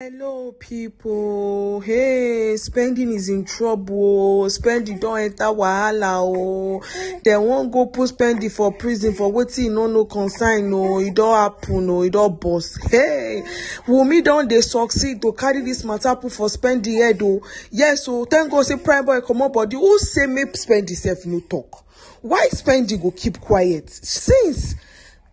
hello people, hey spending is in trouble spending don't enter wahala o dem wan go put spending for prison for wetin e no consign No, it e don't happen No, it e don't boss. hey wunmi don dey succeed to carry this matter for spending head o yes o thank god say prime boy come comot body who say me spending sef no talk. why spending go keep quiet since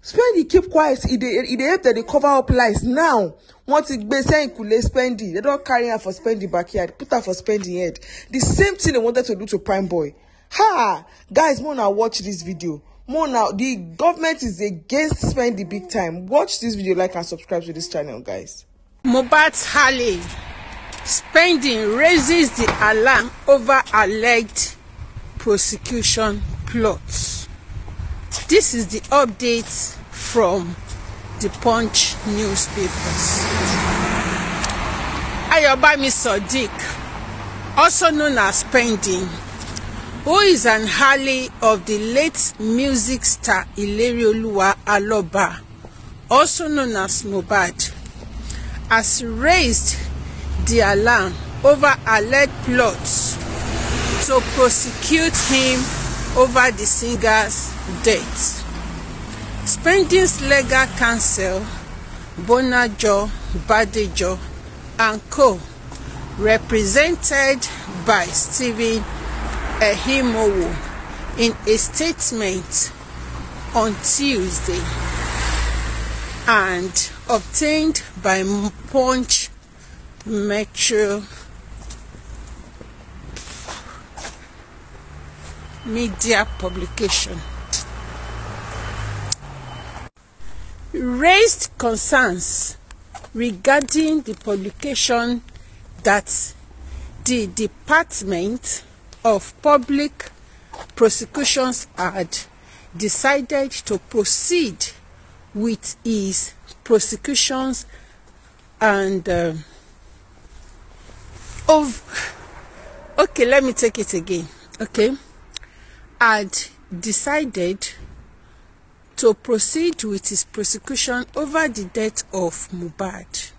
spendi keep quiet e dey e dey help dem dey cover up lies now wọn ti gbé sẹ́yìnkùlé spendi dem don carry am for spendi backyard put am for spendi head the same thing they wanted to do to prime boy ha guys mo na watch this video mo na the government is against spendi big time watch this video like and subscribe to this channel guys. Mohbad Harley spending raises the alarm over alleged prosecution plots. This is the update from the Punch newspapers. Ayobami Sadiq, also known as Pending, who is an ally of the late music star Ilerioluwa Aloba, also known as Mohbad, has raised the alarm over alleged plots to prosecute him over the singer's debt. Spending's legal counsel, Bonajo Badejo and Co., represented by Stephen Ehimowo, in a statement on Tuesday and obtained by Punch Metro Media Publication. raised concerns regarding the publication that the Department of Public Prosecutions had decided to proceed with his prosecutions and uh, of okay let me take it again okay had decided to proceed with his prosecution over the death of Mubad,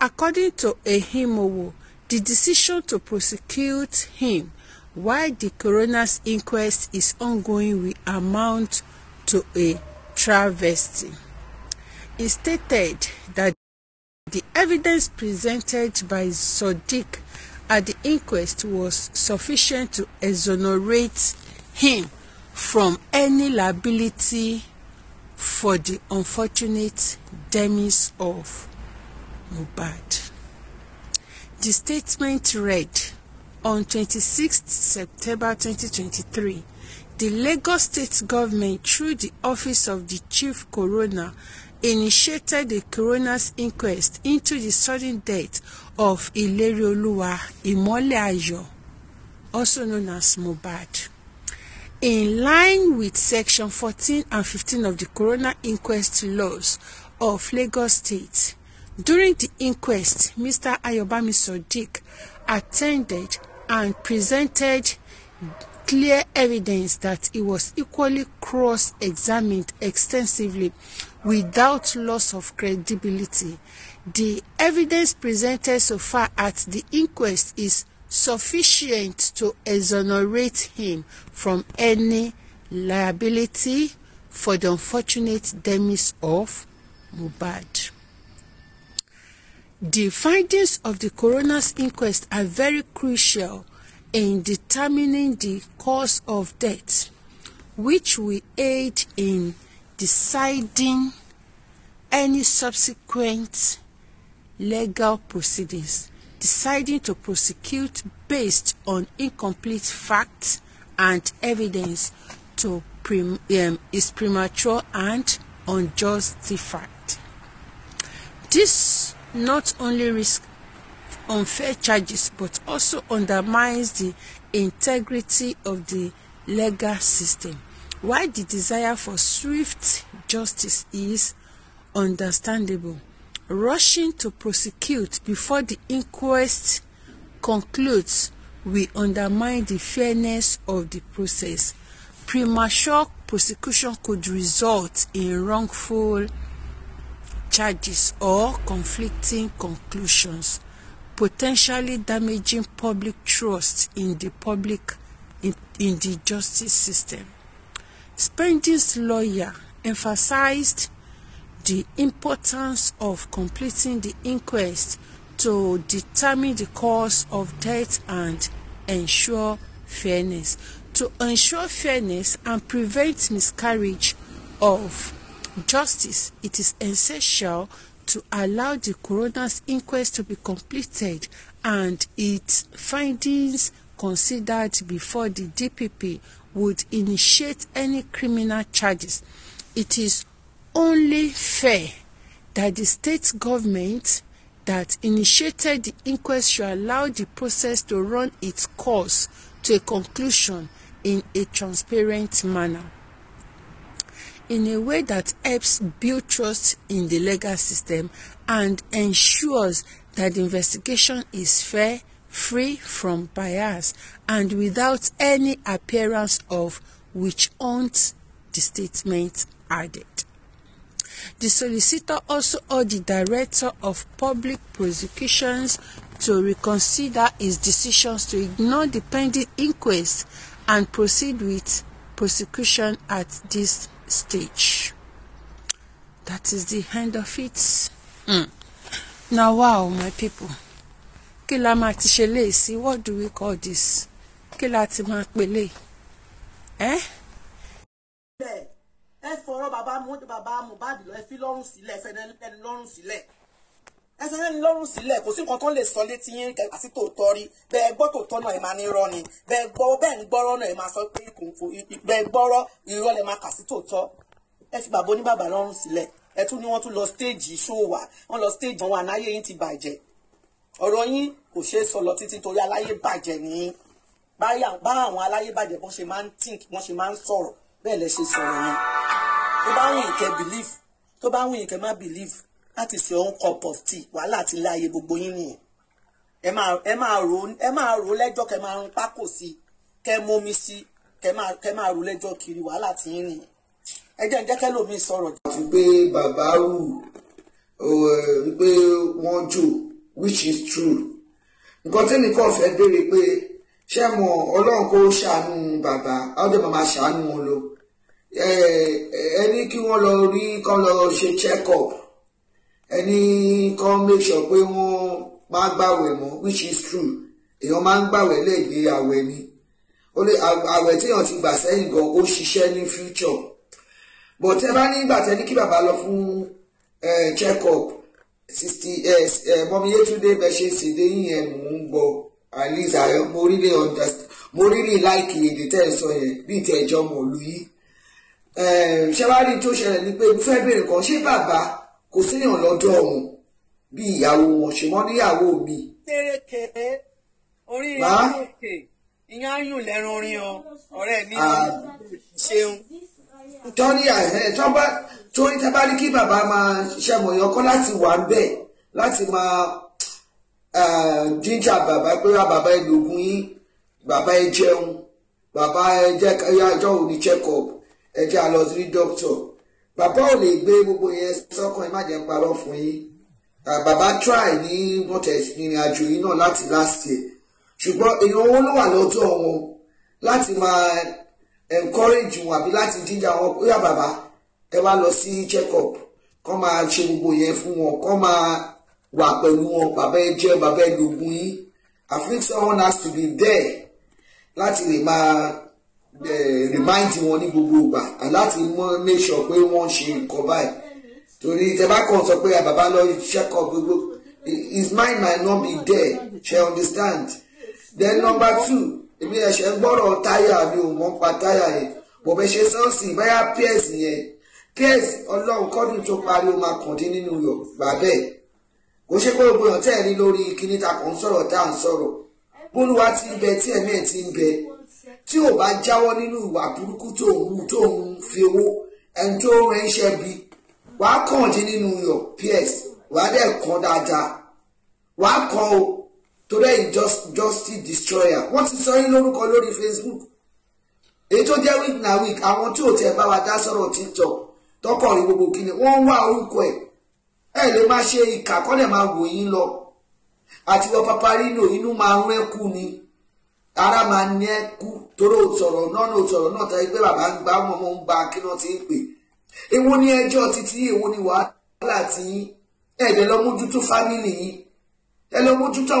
According to Ehimowo, the decision to prosecute him while the coroner's inquest is ongoing will amount to a travesty. He stated that the evidence presented by Sodiq at the inquest was sufficient to exonerate him from any liability for the unfortunate demise of Mohbad. The statement read, on twenty 26 September twenty three, the Lagos State Government, through the Office of the Chief Coroner, initiated the coroner's inquest into the sudden death of Ilerioluwa Imoleayo, also known as Mohbad. In line with Section 14 and 15 of the Coroner Inquest Laws of Lagos State, during the inquest, Mr. Ayobami Sodiq attended and presented clear evidence that he was equally cross-examined extensively without loss of credibility. The evidence presented so far at the inquest is sufficient to exonerate him from any liability for the unfortunate demise of Mohbad. The findings of the coroner's inquest are very crucial in determining the cause of death, which will aid in deciding any subsequent legal proceedings deciding to prosecute based on incomplete facts and evidence to prim, um, is premature and unjustified. This not only risks unfair charges but also undermines the integrity of the legal system. While the desire for swift justice is understandable, rushing to prosecute before the inquest concludes will undermine the fairness of the process. Premature prosecution could result in wrongful charges or conflicting conclusions, potentially damaging public trust in the public in, in the justice system. Spending's lawyer emphasized the importance of completing the inquest to determine the cause of death and ensure fairness. To ensure fairness and prevent miscarriage of justice, it is essential to allow the coroner's inquest to be completed and its findings considered before the DPP would initiate any criminal charges. It is only fair that the state government that initiated the inquest should allow the process to run its course to a conclusion in a transparent manner in a way that helps build trust in the legal system and ensures that the investigation is fair, free from bias, and without any appearance of witch hunt, the statement added. The solicitor also urged the Director of Public Prosecutions to reconsider his decisions to ignore the pending inquest and proceed with prosecution at this stage. That is the end of it. Mm. Now, wow, my people. Kila la máa What do we call this? Kila la ti Eh? ẹ fọ̀rọ̀ bàbá bàbá Mohbad lọ ẹ fi lọ́rùn sílẹ̀ ẹ fẹ́ni lọ́rùn sílẹ̀ ẹ fẹ́ni lọ́rùn sílẹ̀ kò sí nǹkan tó lè sọ létí yín àti tòótọ́ rí bẹ́ẹ̀ gbọ́ tòótọ́ náà ẹ máa ní irọ́ ni bẹ́ẹ̀ gbọ́ bẹ́ẹ̀ ń gbọ́rọ́ náà ẹ máa sọ pé kò fò bẹ́ẹ̀ gbọ́rọ́ irọ́ lẹ máa kà sí tòótọ́ ẹ fi bàbá oníbàbà lọ́rùn sílẹ̀ ẹ tún ní wọ́n tún lọ stéèjì ṣóò wà wọ́n lọ stéèjì àwọn ànáyé yín ti bàjẹ́ ọ̀rọ̀ yín kò ṣeé sọ lọ títí torí aláyé bàjẹ́ nìyí bá àwọn aláyé bàjẹ́ bọ́n ṣe máa ń tink wọ́n ṣe máa ń sọ̀rọ̀ bẹ́ẹ̀ lẹ ṣe sọ̀rọ̀ yẹn tó bá wù yín kẹ́ tó bá wù yín má believe láti ṣe own cup of tea wàhálà ti láàyè gbogbo yín nìyẹn ẹ máa rò ẹ máa rò lẹ́jọ́ kẹ́ máa ń pákò sí i mómi sí i máa kẹ́ máa rò lẹ́jọ́ kiri wàhálà ti yín nìyẹn ẹ jẹ́ ǹjẹ́ kẹ́lòmíì sọ̀rọ̀. àti pé bàbá rù wípé wọ́n jù which is true nǹkan tí nìkan fẹ́ béèrè pé ṣé mo ọlọ́run kó ṣàánú bàbá ọdẹ màmá ṣàánú wọn lọ ẹ ní kí wọ́n lọ rí kán lọ ṣe check up ẹ ní make sure pé wọ́n máa gbàwẹ̀ mọ́ which is true èèyàn máa ń gbàwẹ̀ lẹ́gbẹ̀ẹ́ àwẹ̀ ni àwẹ̀ téèyàn ti gbà sẹ́yìn gan ó ṣiṣẹ́ ní future but ẹ bá ní ìgbà tẹ ní kí bàbá lọ fún check up sixty mọ́mí yétúndé bẹ ṣe ṣèdè yìnyẹn mò ń gbọ́ at least mo really understand mo really like èdè tẹ́ ẹ sọ yẹn bí ìtẹ̀jọ́ mọ̀lú yìí ṣe wá rí tó ṣẹlẹ̀ ni pé mo fẹ́ béèrè kan ṣé bàbá kò síyàn lọ́dọ̀ ọ̀hún bí ìyàwó wọn ṣùgbọ́n níyàwó mi. kéréke orí kéréke ìyá ń yùn lẹ́rùn orin o ọ̀rẹ́ mi ṣeun. tọ́ni tọ́ba torí tábà ní kí bàbá máa ṣiṣẹ́ mọ̀yàn kọ́ láti wà bẹ́ẹ̀ láti máa jíjà bàbá pé wá bàbá ẹ lògùn yín bàbá ẹ jẹun bàbá ẹ jẹ́ káyà ẹjọ́ òní check up ẹ a lọ sí dókítọ̀ bàbá ò lè gbé gbogbo yẹn sọ́kàn ẹ má jẹ́ ń parọ́ fún yín ah, bàbá try ní bọ́tẹ̀ ìrìn àjò yìí náà láti last year ṣùgbọ́n èèyàn owó ló wà lọ́dọ̀ wọn láti máa encourage wọn àbí láti jíjà wọn ó yá bàbá ẹ wá lọ sí check up kọ́ máa ṣe gbogbo yẹn fún wọn kọ́ máa wà pẹ̀lú wọn bàbá ẹ jẹ́ bàbá ẹ lògùn yín I think someone has to be there láti lè máa. Eh, remind wọn ní gbogbo ìgbà láti mọ make sure pé wọ́n ṣe nǹkan báyìí torí tẹ bá kàn sọ pé àbàbá ah, lọ check up gbogbo his mind might not be there she understand then number two èmi ẹ̀ṣẹ̀ ń gbọ́rọ̀ táyà mi ò mọ̀ ń pa táyà yẹn bọ̀bẹ̀ ṣe sọ́ọ̀sì báyà pẹ́ẹ̀s yẹn pẹ́ẹ̀s ọlọ́run kọ́dún tó parí o máa kàn dín nínú yọ̀ bàbẹ́ kò ṣe pé gbogbo ọ̀tẹ́ rí lórí kíní ta kò ń sọ̀rọ̀ tá à ń sọ̀rọ̀ bólúwa ti ń bẹ tí ẹ̀mí ẹ̀ ti ń bẹ tí ò bá jáwọ́ nínú ìwà burúkú tó ń tó ń fi owó ẹni tó ń ránṣẹ́ bí wàá kàn dín nínú your peers wàá dẹ̀ kàn dáadáa wàá kàn o torí ẹ̀yìn justice destroyer wọ́n ti sọ yín lórúkọ lórí Facebook èyí tó jẹ́ week na week àwọn tí ò tẹ̀ bá wa dá sọ̀rọ̀ TikTok tọkọ̀ rí gbogbo kíni wọ́n ń wá orúkọ ẹ̀ ẹ̀ lè má ṣe ìkà kọ́ dẹ̀ máa wò yín lọ àti lọ paparino inú máa ń rẹ́kù ni ara máa ní ẹ kú torí òtọ̀rọ̀ náà ní òtọ̀rọ̀ náà tẹ́ pé bàbá ń gbá ọmọ ń gba kí náà ti ń pè èwo ni ẹjọ́ títí èwo ni wàhálà tí ẹ̀dẹ̀ lọ fámìlì yìí ẹ lọ mójútó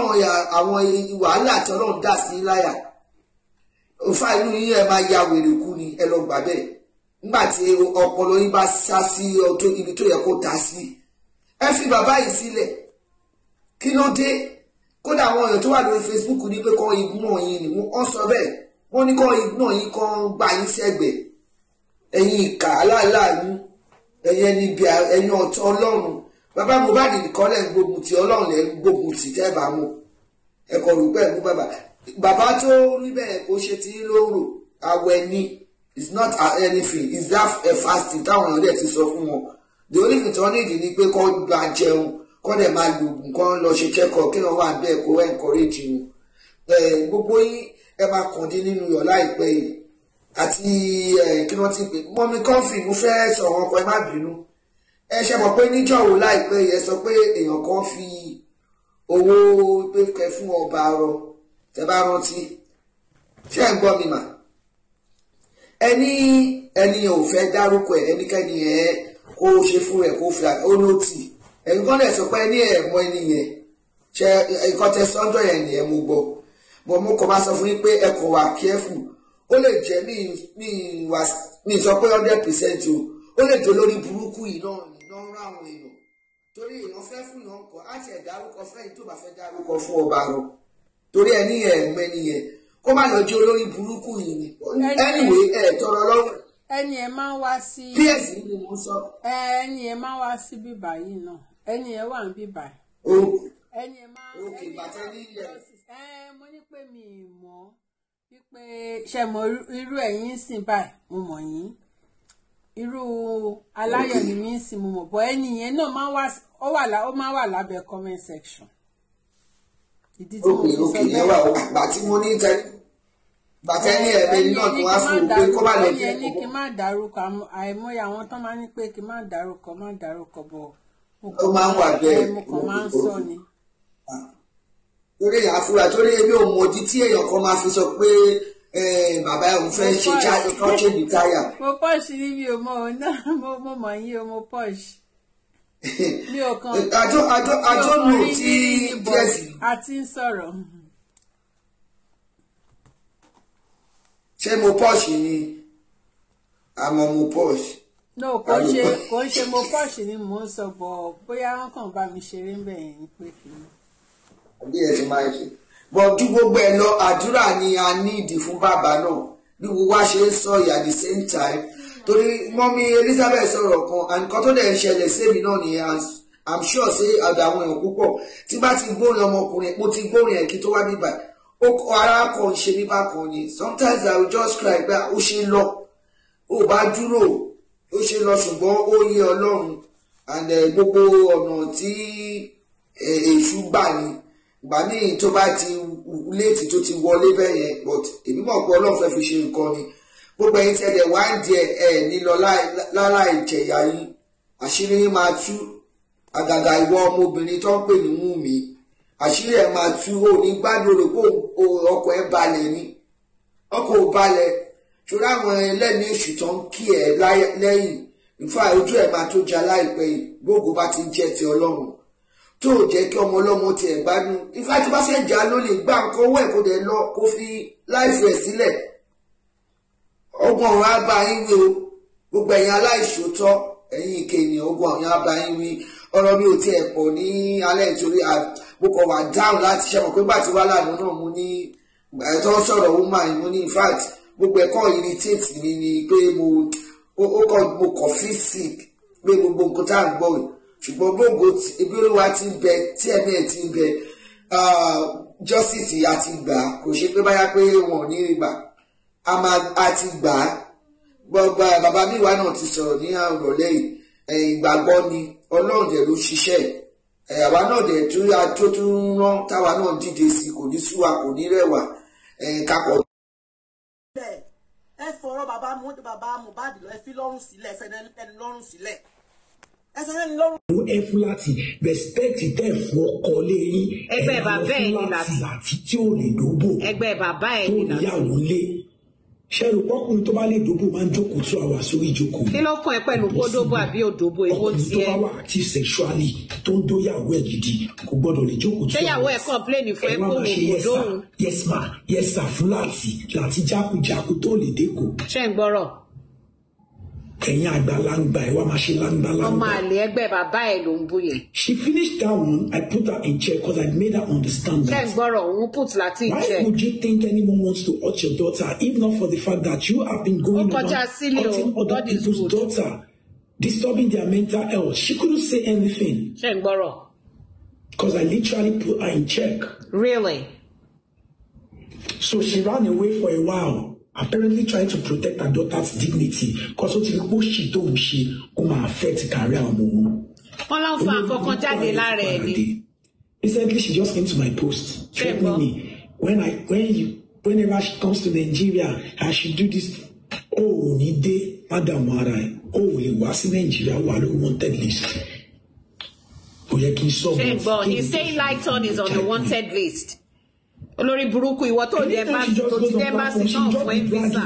àwọn wàhálà tí ọlọ́run dà sí láyà òfà inú yín ẹ máa ya wèrè kú ni ẹ lọ gbà bẹ́ẹ̀ nígbà tí ọpọlọ yín bá sá sí ibi tó yẹ kó dá sí ẹ fi bàbá yìí sílẹ̀ kí ló dé kódà àwọn èèyàn tó wà lórí Facebook ní pé kọ́ ignore yín ni wọ́n sọ bẹ́ẹ̀ wọ́n ní kọ́ ignore yín kan gbà yín sẹ́gbẹ̀ ẹ̀yin ìkà aláàláàánú ẹ̀yin ẹni ibi ẹ̀yin ọ̀tọ̀ ọlọ́run bàbá Mohbad nìkan lẹ́ ń gbógun ti ọlọ́run lẹ́ ń gbógun ti tẹ́ bá wọn ẹ̀kọ́ rò pẹ́ mú bàbá bàbá tó rí bẹ́ẹ̀ kó ṣe ti ló rò àwẹ̀ ni it's not anything it's that fasting táwọn èèyàn dẹ̀ ti sọ fún wọn the only thing tí wọ́n nídìí ni pé kọ́ gba jẹun kọ́ dẹ̀ máa lo oògùn kan lọ ṣe kẹ́kọ̀ọ́ kí wọ́n wà bẹ́ẹ̀ kó encourage wọn gbogbo yín ẹ máa kàn dé nínú yọ̀ láìpẹ́ yìí àti kí wọ́n ti pè mọ́mí kọ́fì mo fẹ́ sọ̀rọ̀ ọkọ̀ ẹ má bínú ẹ ṣe mọ̀ pé níjọ́ wo láìpẹ́ yẹn sọ pé èèyàn kan fi owó pé kẹ fún ọba rọ tẹ bá rántí ṣé ẹ ń gbọ́ mi mà ẹni ẹni ò fẹ́ dárúkọ ẹ ẹnikẹ́ni ẹ kó ṣe fún ẹ kó fi ó ní ó tì í ẹ̀yin kan dẹ̀ sọ pé ní ẹ̀mọ ẹni yẹn ṣe ẹ̀kọ́ tẹ sọ́jọ́ yẹn ni ẹ̀ mo gbọ́ bọ̀ mo kọ̀ máa sọ fún yín pé ẹ kọ̀ wà careful ó lè jẹ́ mi sọ pé hundred percent o ó lè jọ lórí burúkú yìí náà iná ń rán àwọn èèyàn torí èèyàn fẹ́ fún yàn kọ́ á tiẹ̀ dárúkọ fẹ́yìn tó bá fẹ́ dárúkọ fún ọba rọ torí ẹni yẹn ẹ̀mọ ẹni yẹn kó má lọ jẹ́ olórí burúkú yìí ni anyway ẹ̀ tọrọ lọ́wọ́ ẹni ẹ máa wá sí. ps ni mo sọ. ẹni ẹ máa wá sí bíbá yìí náà ẹni ẹ wà ń bí bá ẹni ẹ máa ẹni ẹ máa ẹ mo ní pé mi ì mọ̀ wípé ṣe mọ irú ẹ̀yin sìn báyìí mo mọ̀ yín irú aláyọ̀ ni mi ń sìn mo mọ̀ bọ́ ẹni yẹn náà máa wà ó wà lá ó máa wà lábẹ́ comment section. ìdí tí mo fi sọ bẹ́ẹ̀. ìyẹn wà ó gbà tí mo ní tẹ bàtà ẹni ẹ̀ẹ́dẹ́ni náà tó wá fún un pé kó bá lọ sí ọkọ̀. ẹni kí n má dárúkọ àìmọye àwọn tó máa ń pé kí n má dárúkọ má dárúkọ bọ̀ ó máa ń wà bẹ́ẹ̀ ah. torí àfúrà torí ebi ò mọ̀dí tí èèyàn kan máa fi sọ pé bàbá òun fẹ́ ṣe kọ́ṣẹ́ ní táyà. mo pọ́ṣ ní mi ò mọ òun náà mo mọ̀ yín o mo pọ́ṣ. mi ò kan àjọ àjọ àjọ mi ò tí jẹ́sì. a ti ń sọ̀rọ̀. ṣé mo pọ́ṣ ni àmọ́ mo pọ́ṣ no kò ń ṣe kò ń ṣe mo pọ́ọ̀ṣì ni mò ń sọ bọ̀ bóyá wọ́n kàn bá mi ṣeré ńbẹ̀ yẹn ni pé kí ni. àbí ẹ ti máa ṣe bọ ju gbogbo ẹ lọ àdúrà ni a ní ìdí fún bàbá náà bí wo wá ṣe ń sọ yìí at the same time torí mọ́mí Elizabeth sọ̀rọ̀ kan and nǹkan tó dẹ̀ ń ṣẹlẹ̀ sẹ́mi náà ni i'm sure ṣe àdàwọn èèyàn púpọ̀ tí bá ti gbórin ọmọkùnrin mo ti gbórin ẹ̀kí tó wá nígbà ó kọ ara kan ṣe ní sometimes i will just cry pé ó ṣe lọ ó bá dúró ó ṣe lọ ṣùgbọ́n ó yé ọlọ́run and eh, gbogbo ọ̀nà tí eh, èṣù gbà ni gbà míì tó bá ti léètì tó ti wọlé bẹ́ẹ̀ yẹn but èmi mọ̀ pé ọlọ́run fẹ́ fi ṣe nǹkan ni gbogbo ẹ̀yin tẹ́lẹ̀ wá ń di ẹ̀ nílọ láláì jẹ̀yà yín àṣírí yín máa tú àgàgà ìwọ ọmọbìnrin tó ń pè ní mú mi àṣírí ẹ̀ máa tú ò ní gbádùn rẹ̀ pé ọkọ̀ ẹ̀ balẹ̀ ni ọkọ̀ ò balẹ̀ ṣọ́ra àwọn ẹlẹ́mìí èṣù tó ń kí ẹ lẹ́yìn ìfà ojú ẹ̀ máa tó ja láìpẹ́ yìí gbogbo bá ti ń jẹ́ ti ọlọ́run tó jẹ́ kí ọmọ ọlọ́mọ ti ẹ̀ gbádùn ìfà tí bá fẹ́ jà ló lè gbá nǹkan owó ẹ̀ kó dẹ̀ lọ kó fi láìfù ẹ̀ sílẹ̀ ọgbọ́n ọ̀run á bá yín wí o gbogbo ẹ̀yin aláìṣòótọ́ ẹ̀yin ìkẹyìn ọgbọ́n ọ̀run á yín wí ọ̀rọ̀ mi ò tiẹ̀ pọ̀ ní alẹ́ nítorí mo kàn wá dáhùn láti ṣẹ́wọ̀n pé gbàtí wàhálà nínú mo ní ẹ̀tọ́ sọ̀rọ̀ woman mo ní in fact gbogbo ẹ̀kọ́ irritate mi ni pé mo ó kọ́ mo kọ̀ feel sick pé gbogbo nǹkan tá à ń gbọ́ rẹ̀ ṣùgbọ́n gbogbo ibi olúwa ti ń bẹ tí ẹ̀mí ẹ̀ ti ń bẹ justice a ti gbà kò ṣe pé báyà pé wọn ò ní rí gbà a ti gbà gbọgbà bàbá mi ìwà náà ti sọ̀rọ̀ ní àròlẹ́ ìgbàgbọ́ ni ọlọ́run dẹ̀ ló ṣiṣẹ́ àwa náà dẹ̀ tó tún rán táwa náà dìde sí kò ní sú wa kò ní rẹwà kakọ̀ ẹ fọ̀rọ̀ bàbá bàbá Mohbad lọ ẹ fi lọ́rùn sílẹ̀ ẹ fẹ́ni lọ́rùn sílẹ̀ ẹ fẹ́ni lọ́rùn. mo ẹ fún láti respect dẹ fún ọkọ lé yín. ẹgbẹ́ bàbá ẹ̀ ní láti tí ò lè dóbò. ẹgbẹ́ bàbá ẹ̀ ní láti tó níyàwó lé ṣẹ́rù pọ́kùnrin tó bá lè dóbò máa ń jókòó two hours sórí ìjókòó. kí ló kàn ẹ́ pẹ̀lú kó dóbò àbí òdòbò èwo ti ẹ. ọkùnrin tó bá wà àti sexually tó ń dóyàwó ẹ̀ gidi kò gbọ́dọ̀ lè jókòó two hours. ṣéyàwó ẹ̀ complain fún ẹ kó wò lóhùn. yes ma yes ma fún láti láti jákujáku tó lè dé kò. ṣé ń gbọ́rọ̀ ẹ̀yin àgbàlagbà ẹ̀ wá máa ṣe lágbàlagbà. ọmọ àlè ẹgbẹ́ bàbá ẹ̀ ló ń bú yẹn. she finished that one I put her in check because I made her understand that. ṣe gbọ́rọ̀ òun put láti in check. why would you think anyone wants to hurt your daughter if not for the fact that you have been going around hurting other people's daughter disturbing their mental health she couldn't say anything. ṣe gbọ́rọ̀. because I literally put her in check. really. so she ran away for a while apparently trying to protect her daughter's dignity because ó ti she pé ó ṣì tó affect career ọmọ wọn. wọn lọ fa àkọkàn jáde lára ẹ ni. recently she just came to my post threatening me when i when you whenever she comes to nigeria i should do this o ò ní dé madam ara ẹ o ò lè wá sí nàìjíríà wà lórí wanted list kò yẹ kí n sọ. ṣe gbọ́ he say lighton is on the wanted list olórí burúkú ìwọ tó di embassy tó ti di embassy náà fún visa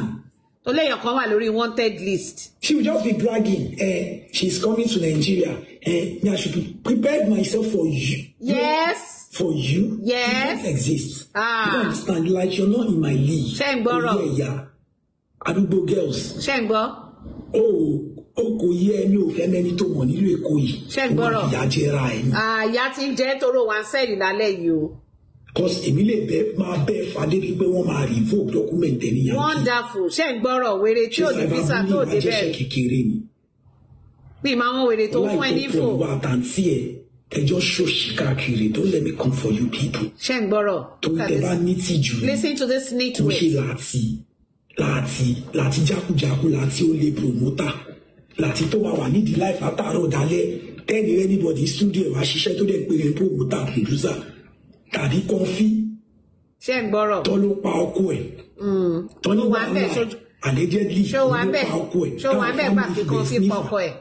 tó léèyàn kan wà lórí wanted list. she will just be bragging eh, she is coming to Nigeria eh, me I should be prepared myself for you. yes. for you. yes. you don't exist. ah you don't understand like you're not in my league. ṣé ń gbọ́rọ̀ òye ẹ̀yà àdúgbò girls. ṣé ń gbọ́. oh o oh, kò yé ẹni ò fẹ́ mẹ́ni tó mọ̀ nílùú Èkó yìí. ṣé ń gbọ́rọ̀ ìyá jẹ́ra ẹ̀ ni. àyà ah, ti ń jẹ́ wa ń sẹ́yìn yìí o cause èmi bẹ máa bẹ fadé bíi pé wọ́n máa revoke document ẹni yàtọ̀. wonderful ṣé ń gbọ́rọ̀ wéré tí ò ní visa tó dé bẹ́ẹ̀. kékeré ni. bí ìmọ̀ àwọn wèrè tó fún ẹ ní fò. láì tó pọ̀ wá àtàntí ẹ̀ ẹjọ́ ṣòṣì káàkiri don't let me come for you people. ṣé ń gbọ́rọ̀ tó ń tẹ bá ní tìjú. listen to this neat way. mo ṣe láti láti láti jákujàku láti ó lè promoter láti tó wà wà nídìí láì fàtàrọ̀ dálẹ̀ tẹ́lẹ̀ anybody studio ẹ̀ wá ṣiṣẹ́ tó dẹ̀ pé promoter producer tàbí kọfí. ṣé ń gbọ́rọ̀. tọ́ ló pa ọkọ ẹ̀. Mm. tọ́ ní wàhálà allegedly ló pa ọkọ ẹ̀. ṣó wàá bẹ́ẹ̀ bá fi kọfí pọkọ ẹ̀.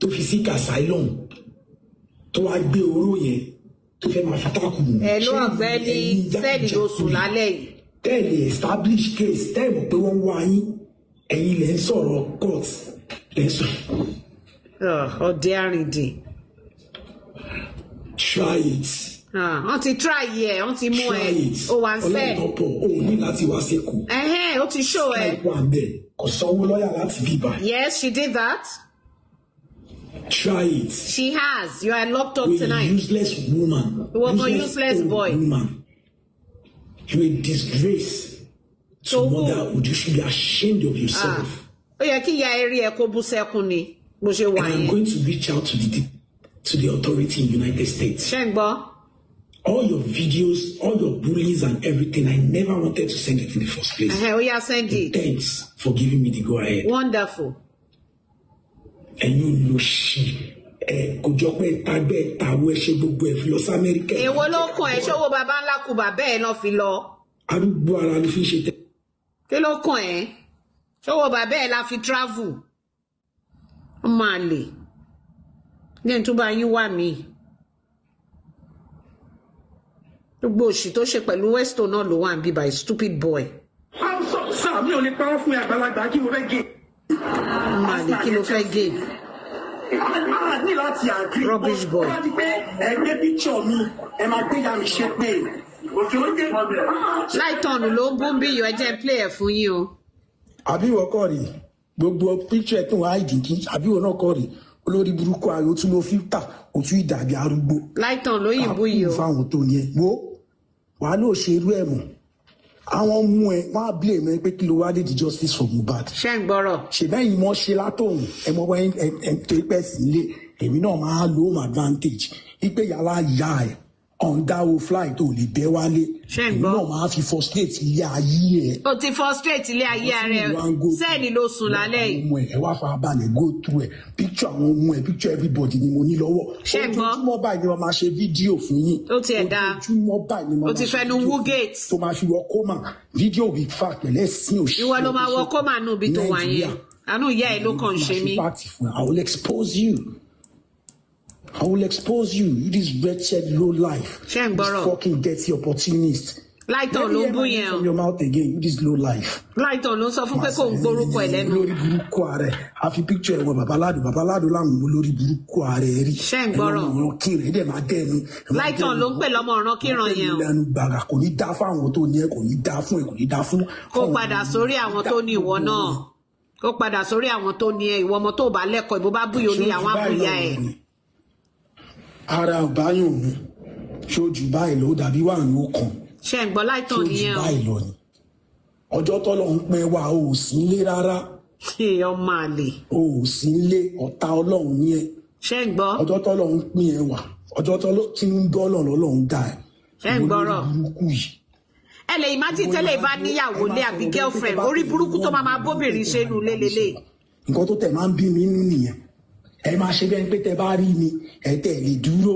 tó fi sí asylum tó wá gbé oró yẹn tó fẹ́ máa fatakù. ẹ̀lú ọ̀gbẹ́ni sẹ́ẹ̀lì ló sùn lálẹ́ yìí. tẹ́ẹ̀lì establish case tẹ́ẹ̀mọ̀ pé wọ́n wá yín ẹ̀yin lẹ́ ń sọ̀rọ̀ court lẹ́ ń sọ̀rọ̀. ọ̀dẹ́ àrìndìn. try it. Ah, wọ́n ti try yẹ wọ́n ti mú ẹ o wà ń fẹ́. ọlọ́run tọ̀tọ̀ o ní láti wá sẹ́kù. ó ti ṣó ẹ. ṣáà wà bẹ́ẹ̀ kò sanwó lọ́yà láti bíbá. yes she did that. Try it. She has. You are locked up With tonight. useless woman. You are a useless boy. Woman. You are a disgrace to so would You should be ashamed of yourself. Ah. Ó yẹ kí ìyá ẹ rí ẹ kó bú sẹ́kún ni bó ṣe wà yẹn. And I'm going to reach out to the to the authority in United States. Ṣé ń gbọ́? all your videos, all your bullies and everything. I never wanted to send it in the first place. Uh-huh, oh yeah, send it. Thanks for giving me the go ahead. Wonderful. And you know she. ẹ eh, kò jọ pé tagbẹ tàwọ ẹ ṣe gbogbo ẹ fi lọ sí amẹríkà. èwo ló ń kàn ẹ ṣọwọ baba ńlá kù bàbá náà fi lọ. arúgbó ara ló fi ń ṣe tẹ. kí ló kàn ẹ ṣọwọ bàbá ẹ la fi travel. ó máa lè. ní ẹ̀ tún yín wà míì. gbogbo òṣì tó ṣe pẹ̀lú westo náà ló wà ń bí by stupid boy. sọ mi ò lè parọ́ fún àgbàlagbà kí mo fẹ́ gé. màlì kí ló fẹ́ gé. ní láti àgbè rubbish boy. wọ́n ti pé ẹgbẹ́ píkṣọ̀ mi ẹ máa gbé ya mi ṣe pé òkè oúnjẹ ìmọ̀lẹ̀. láìtọ́nù ló ń gún bí iyọ̀ ẹjẹ́ play ẹ̀ fún yín o. àbí kọ́ rí gbogbo píkṣọ̀ ẹ̀ tó wà á ìdìkì àbí náà kọ́ rí olórí burúkú ayọ̀ tún ló fi òtún ìdàbí arúgbó. láìtọ́nù ló yìí o. àkókò fáwọn tó yẹ wo wàá náà ṣe irú ẹ̀ mọ́ àwọn mú ẹ wọn á bílẹ̀ mọ́ pé kí ló wá dé di justice for Mohbad. ṣé ń gbọ́rọ̀. ṣèbẹ́yìn mọ́ ṣe látòun ẹ mọ́ wọ́n ẹ torí pẹ́ sílé èmi náà máa lo home advantage ìgbéyàwó ayá ẹ̀ ọ̀ǹda o fly tó lè bẹ́ wálé èyí náà máa fi frustrate ilé ayé ẹ̀. o ti frustrate ilé ayé rẹ sẹ́ẹ̀lì ló sùn lálẹ́ yìí. ọmọ ẹ wá fara balẹ̀ go through ẹ picture àwọn ọmọ ẹ picture everybody ni mo ní lọ́wọ́. ṣé gbọ́ ojoojúmọ́ báyìí ni wọ́n máa ṣe fídíò fún yín. ó ti ẹ̀ dá ojoojúmọ́ báyìí ni wọ́n máa ṣe fídíò fún yín tó máa fi wọ kọ́mà fídíò bí fa pẹ̀lẹ́ sí òṣèlú. ìwọ ló máa wọ kọ́mà nù I will expose you. I will expose you, you this wretched low life. Ṣé ń gbọ́rọ̀? This fucking dirty opportunist. Láìtọ̀ ló ń bú yẹn o. From your mouth again, you this low life. Láìtọ̀ ló ń sọ fún pé kò ń gbórúkọ ẹ̀ lẹ́nu. Olórí burúkú ààrẹ, a fi picture ẹ̀wọ̀n babaládo, babaládo láwọn olórí burúkú ààrẹ rí. Ṣé ń gbọ́rọ̀? Ẹ̀wọ̀n ọ̀ràn kíran, ẹ̀dẹ̀ máa dẹ́ ẹnu. Láìtọ̀ ló ń pè lọ́mọ ọ̀ràn kíran yẹn o. Ẹnu gbàgà kò ní dá fún àwọn tó ní ẹ, kò ní dá fún ẹ, kò ní dá fún. Kó padà sórí àwọn tó ní ìwọ náà. Kó padà sórí àwọn tó ní ẹ, ìwọ ọmọ tó bá lẹ́kọ̀ọ́ ìbò bá ní àwọn àbúyá ẹ̀. ara ọ̀báyàn òun ṣojú báyìí ló dàbí wà ní ṣe ń nìyẹn ń pẹ wá o ò rárá ọmọ àlè o ò sí ọta ọlọ́run ní ẹ ṣe ń gbọ́ ń pín ẹ tí ń dà ẹ ṣe ń ẹ lè bá níyàwó lé àbí girlfriend orí burúkú tó máa bóbìnrin ṣe lélele nǹkan tó tẹ̀ máa ń bí mi ẹ máa ṣe bẹ́ẹ̀ pé tẹ bá rí mi ẹ tẹ̀ lè dúró.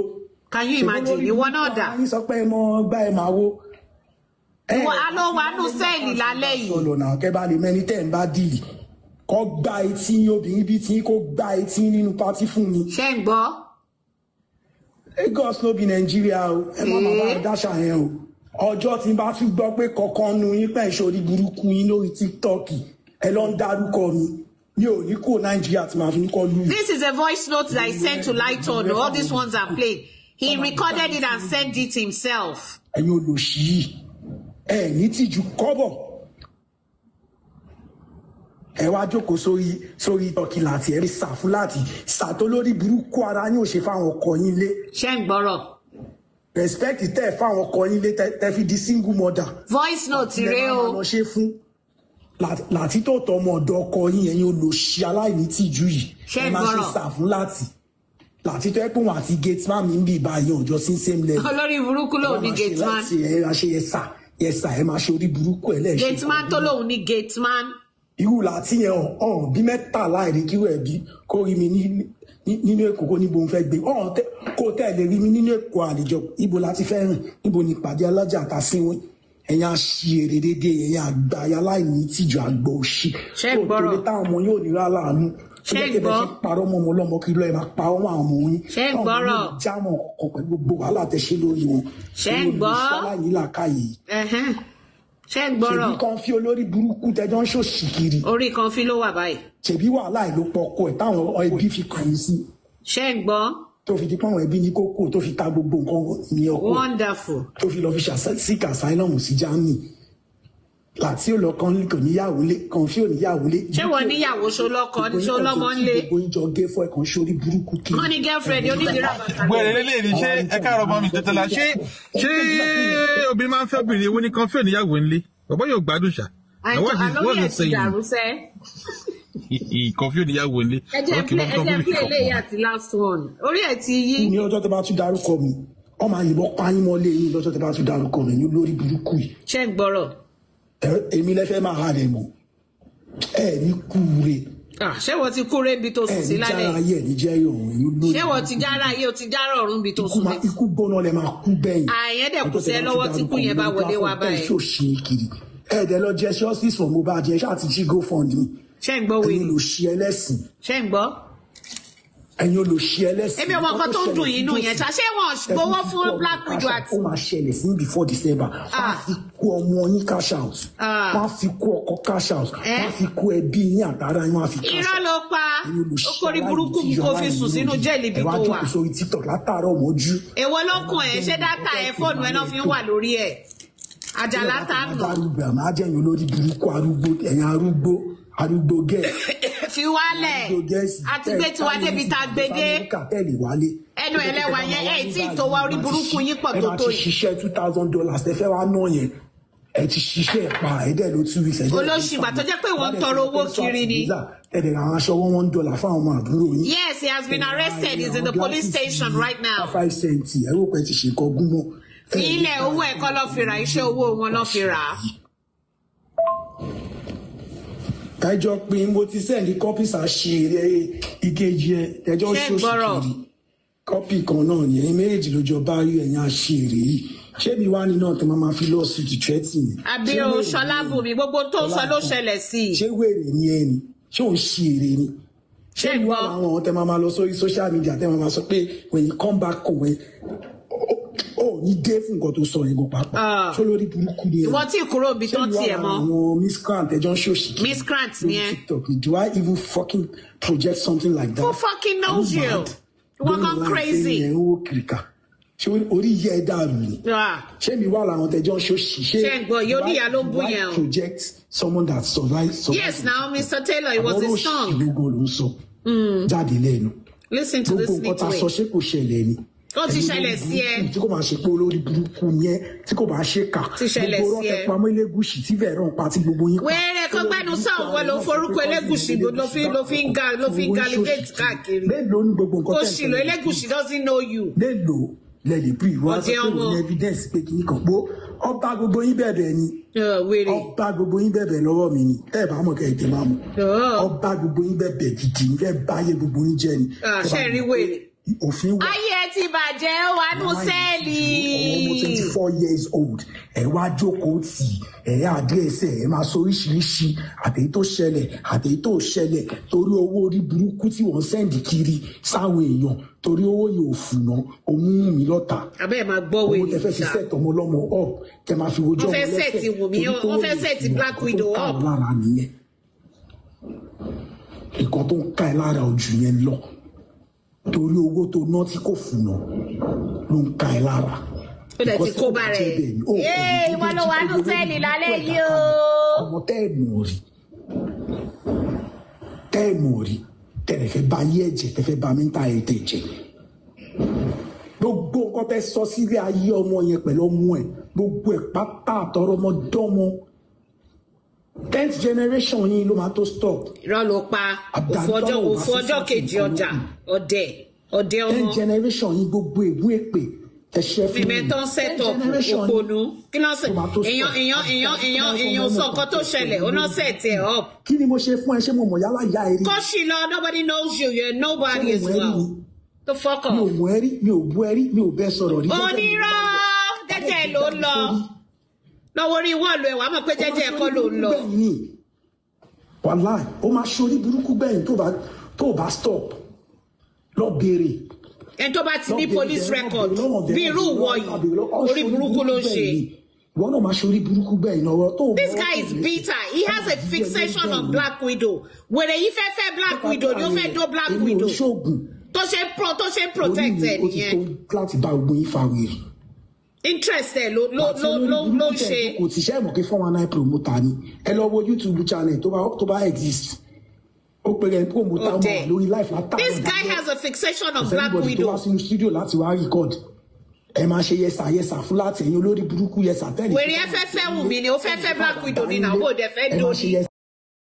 Can you imagine ìwọ náà dà. ṣùgbọ́n wọ́n sọ pé mo gbá ẹ máa wó. ìwọ alówàánú sẹ́ẹ̀lì lálẹ́ yìí. ọlọ́nà kẹ́bà lè mẹ́ni tẹ́ ń bá dìlì kọ́ gba etí obìnrin bíi tí kò gba etí nínú pátí fún mi. ṣé ń gbọ́. Lagos ló bí Nàìjíríà o ẹ má bàbá àdáṣà yẹn o ọjọ́ tí n bá tún gbọ́ pé kọ̀ọ̀kan nu yín pẹ̀ ṣorí burúkú yín lórí TikTok ẹ lọ ń dárúkọ mi mi ò ní kó nàìjíríà tí màá fi ní kọ́ lù. this is a voice note that I sent to Lighton all these ones are played he recorded it and sent it himself. ẹ̀yin olùsí yìí ẹ̀ ní ju kọ́bọ̀ ẹ wá jókòó sórí sórí tọkìlà àti ẹ rí sàfúláàtì sàtó lórí burúkú ara yín ò ṣe fáwọn ọkọ yín lé. ṣé ń gbọ́rọ̀ respect tẹ fáwọn ọkọ yín lé tẹ fi di single mother. voice note rèé o. ẹ máa lọ ṣe fún láti tó tọ ọmọ ọ̀dọ̀ ọkọ yín ẹ̀yin olóṣì aláìní tìjú yìí ẹ máa ṣe sàfún láti láti tó ẹ pé wọn àti gateman mi ń bì báyìí ọjọ́ sí same level. olórí burúkú lòun ní gateman. ẹ máa ṣe yẹsà yẹsà ẹ máa ṣe orí burúkú ẹ lẹ́ẹ̀ṣẹ̀. gateman tó lòun ní gateman. irú láti yẹn ọ̀hún bí mẹ́tàlá ẹ̀rí kíwọ̀ ẹ̀ kó rí mi nínú èkó kó níbo ń fẹ́ gbé ọ̀hún kó tẹ̀lé rí mi nínú èkó àlejò ibo láti fẹ́ rìn níbo ni pàdé alájà àtàfin wọn ẹ̀yin aṣèrè dédé ẹ̀yin àgbà ayá láìní tìjú àgbà òṣì tó torí táwọn ọmọ yóò nira láàánú ṣé ń gbọ́ ṣé ń parọ́ mọ́ ọmọ ọlọ́mọ kí lọ́ọ́ ẹ máa parọ́ mọ́ àwọn ọmọ yín ṣé ń gbọ́rọ̀ ọmọ yín jámọ̀ ọkọ̀ pẹ̀lú gbogbo wàhálà tẹ ṣe lórí wọn ṣé ń gbọ́ ṣé ń gbọ́rọ̀ ṣèbí kan fi olórí burúkú tẹjọ́ ń ṣòṣì kiri orí kan fi ló wà báyìí ṣèbí wàhálà ìlú pọ̀ ọkọ táwọn ẹbí fi kàn yín sí. ṣé ń gbọ́ tó fi di pọ́n ẹbí ní kókó tó fi ta gbogbo nǹkan ní ọkọ tó fi lọ fi seek asylum sí Germany láti ò lọ kan kò níyàwó lé kan fí ò níyàwó lé. ṣé wọn níyàwó ṣolọkọ ṣolọmọ ń lé. gbogbo ìjọ gé fún ẹkan sórí burúkú kí. wọn ní girlfriend onídìrí àbàtà. wẹ̀rẹ̀ lélẹ̀ ni ṣé ẹ káàárọ̀ mọ́ mi tètè la ṣé ṣé obìnrin máa ń fẹ́ obìnrin ewé ní kan fí ò níyàwó ń lé bàbá yóò gbádùn ṣá. àlọ́ yẹn ti dàrú sẹ́ confuse ìyàwó ilé. ẹ jẹ́ pé ẹ jẹ́ pé eléyìí àti last one orí ẹ̀ ti yí. ní ọjọ́ tó bá tún dárúkọ mi wọ́n máa yìnbọn pààyàn mọ́lé yín lọ́jọ́ tó bá tún dárúkọ mi ní lórí burúkú yìí. ṣé ń gbọ́rọ̀. èmi lẹ́fẹ̀ẹ́ máa hà lẹ́mu ẹ ní kúure. ṣé wọ́n ti kúre ibi tó sùn sí lálẹ́. ẹ ní jára ayé ẹ ní jẹ́ ìrọ̀rùn yín lórí. ṣé wọ́n ti jára ayé o ti jára ọ̀run ibi tó sùn sí. ikú gbóná lẹ máa kú bẹ́yìn. àyẹ̀dẹ̀kùsẹ́ lọ́wọ́ tí kú yẹn bá wọlé wa báyìí. ẹ̀ẹ́dẹ̀ lọ jẹ́ ṣọ́ọ́sì sọ̀mọ́ ṣé ń gbọ́ wèrè ẹ̀yin olùṣí ẹlẹ́sìn ṣé ń gbọ́ ẹ̀yin olùṣí ẹlẹ́sìn èmi ọmọ kan tó ń dùn inú yẹn ṣá ṣé wọn gbowó fún black widow àti. ó máa ṣẹlẹ̀ sí before december wọ́n á fi kó ọmọ yín cash out wọ́n á fi kó ọkọ cash out wọ́n á fi kó ẹbí yín àtàrà yín wọ́n á fi cash out. irọ́ ló pa okòrí burúkú kò fi sùn sínú jẹ́ẹ̀lì ibi tó wà. ẹ̀rọ àjọkù sórí tiktok látàárọ̀ mọ́jú. èwo ló kàn ẹ́ ṣé dátà ẹ fóònù ẹ náà fi ń wà lórí ẹ̀ àjàlá tá a nù. àjẹyìn olórí burúkú arúgbó ẹ̀yin arúgbó arúgbó gẹ̀ẹ́sì. fi wálẹ̀ àti gbé tiwa débi tá a gbé dé ẹnu ẹlẹ́wà yẹn ẹ̀ tí ì tó wa orí burúkú yín pọ̀ tó tó yìí. ẹ máa ti ṣiṣẹ́ two thousand dollars ẹ fẹ́ wá ná yẹn ẹ ti ṣiṣẹ́ pa ẹ̀dẹ̀ ló two weeks. olóṣù ìgbà tó jẹ́ pé wọ́n ń tọrọ owó kiri ni. ẹ̀dẹ̀ àwọn aṣọ wọn one dollar fún àwọn àbúrò yín. yes he has been arrested he is in the police station right now. five cent ẹ̀rọ pẹ̀ ti ṣe kọ́ gúnmọ́. fi ilẹ̀ owó ẹ̀kọ́ lọ́ fi ra iṣẹ́ owó wọn lọ́ fi ra tẹjọ pin mo ti sẹ́ẹ̀lì kọ́pì ṣàṣìírí ìkejì ẹ tẹjọ ṣòṣì kiri kọ́pì kan náà ni ẹ̀yin méjèèjì ló jọ bá rí ẹ̀yin àṣìírí yìí ṣébi wá ní náà tó máa fi lọ sí ti tẹ́tì ni. àbí o ṣọlábù mi gbogbo tó ń sọ ló ṣẹlẹ̀ sí i. ṣé wèrè ni ẹ ni ṣé òun ṣì èrè ni. ṣé ìwọ àwọn tẹ máa máa lọ sórí social media tẹ máa máa sọ pé when you come back kò wẹ́ ò ní dé fún nǹkan tó sọ yẹn gan pàápàá ah. ṣó lórí burúkú ni ẹ wọ́n ti kúrò bí tán tiẹ̀ mọ́ ṣé ìwà àwọn miscreant ẹjọ́ ń ṣòṣì kí miscreant ni ẹ do I even fucking project something like that who fucking knows you wọ́n gan crazy ṣé orí yẹ ẹ dàrú ni ah. ṣé mi wà láwọn tẹjọ ń ṣòṣì ṣé ṣẹ́gbọ̀n yóò ní ìyá ló ń bú yẹn o project someone that survive yes now Mr. Taylor it was his song àwọn olóṣèlú gan ló ń sọ hmm. jáde lẹ́nu listen to this neat way gbogbo nǹkan tá a sọ ṣé kò ṣẹlẹ̀ ni ó ti ṣẹlẹ̀ sí ẹ. tí kò bá ṣe pé olórí burúkú yẹn tí kò bá ṣe kà. ti ṣẹlẹ̀ sí ẹ gbogbo rọ́ọ̀tẹ̀ pamọ́ elégùsì tí fẹ́ràn pa ti gbogbo yín. wẹ́rẹ́ kan gbádùn sáwọn wọn ló forúkọ elégùsì ló fi ló fi ń ga ló fi ń galivate káàkiri. lélo ní gbogbo nǹkan tẹ̀sán. oṣìlò elégùsì doesn't know you. lélo lẹ́lẹ̀ bí ìwọ aṣọ tó ní evidence pé kì í kàn pó ọba gbogbo yín bẹ̀bẹ̀ ni ọba gbogbo yín bẹ̀bẹ̀ lọ́wọ́ mi ni ẹ bá mọ̀ kẹ́ ẹ jẹ́ máa mọ̀ ọba gbogbo yín bẹ̀bẹ̀ gidi ń fẹ́ báyé gbogbo yín jẹ́ ni. Ah, ṣe é rí wèrè òfin wà. ayé ti bàjẹ́ wà nù sẹ́ẹ̀lì. ọmọ twenty four years old ẹ wá jókòó tì ẹ àdírẹ́sẹ̀ ẹ máa sọ oríṣiríṣi àtẹ̀yí tó ṣẹlẹ̀ àtẹ̀yí tó ṣẹlẹ̀ torí owó orí burúkú tí wọ́n sẹ́ǹdì kiri sáwọn èèyàn torí owó yóò fùnà òun mi lọ́ta. abẹ́ ẹ̀ máa gbọ́ wẹ̀ ní ìta. owó tẹ fẹ́ fi sẹ́ẹ̀tì ọmọ ọlọ́mọ ọ̀ tẹ máa fi ojú ọmọ lẹ́sẹ̀ tó black widow ń ká torí owó tó ná tí kò fúnà ló ń ka ẹ lára. ó dẹ̀ ti kó bá rẹ̀ yéé wọn ló wà nù sẹ́ẹ̀lì lálẹ́ yìí o. ọmọ tẹ́ẹ̀mù rí tẹ́ẹ̀mù rí tẹ̀lé fẹ́ bá yé ẹ̀jẹ̀ tẹ́ fẹ́ bá mi ta ètè jẹ gbogbo nǹkan tẹ́ sọ sílé ayé ọmọ yẹn pẹ̀lú ọmọ ẹ̀ gbogbo ẹ̀ pátá àtọrọmọdọ́mọ tenth generation yín ló máa tó stop. irọ́ pa òfòjọ́ òfòjọ́ kejì ọjà ọ̀dẹ̀ ọ̀dẹ̀ ọmọ. tenth generation yín gbogbo ègún èpè ẹ̀ṣẹ̀ fún mi. fìmẹ́tọ́ sẹ́tọ̀ òponu kí ló ṣe èèyàn èèyàn èèyàn èèyàn èèyàn sọ nǹkan tó ṣẹlẹ̀ ó náà set ẹ̀ up. kí ni mo ṣe fún ẹ ṣé mo mọ̀ yálà ya ẹ rí. kọ́ṣì lọ nobody knows you you're nobody as well. tó fọkàn. mi ò wọ ẹ rí mi ò bú ẹ rí mi ò bẹ sọ̀rọ̀ rí. onírọ́ tẹ́tẹ́ ló lọ lọ́wọ́ orí wọ́ọ̀lù ẹ̀ wàá mọ̀ pé jẹ́jẹ́ ẹ̀kọ́ ló ń lọ. wàláì ó máa ṣorí burúkú gbẹ̀yìn tó bá stop lọ béèrè. ẹni tó bá ti ní police record bí irú ìwọ yìí orí burúkú ló ń ṣe. One of my shori buruku be in our This guy is bitter. He has a fixation on Black Widow. Where he fe Black Widow, you fe do Black Widow. To se pro, to se protected. Yeah interest ẹ ló ló ló ń ṣe. kò sì ṣe ìmọ̀ pé four one promoter ni ẹ lọ wo youtube channel tó bá tó bá exist ó pèrè ẹni promoter mọ̀ lórí life látàkùn. this guy has a fixation of black widow. ọ̀sẹ̀ níbo tó wá sínú studio láti wá record ẹ máa ṣe yẹsà yẹsà fún láti ẹ̀yin olórí burúkú yẹsà tẹ́lẹ̀. wèrè ẹ fẹ́ fẹ́ wù mí ni ó fẹ́ fẹ́ black widow ni náà ó dẹ̀ fẹ́ dòní.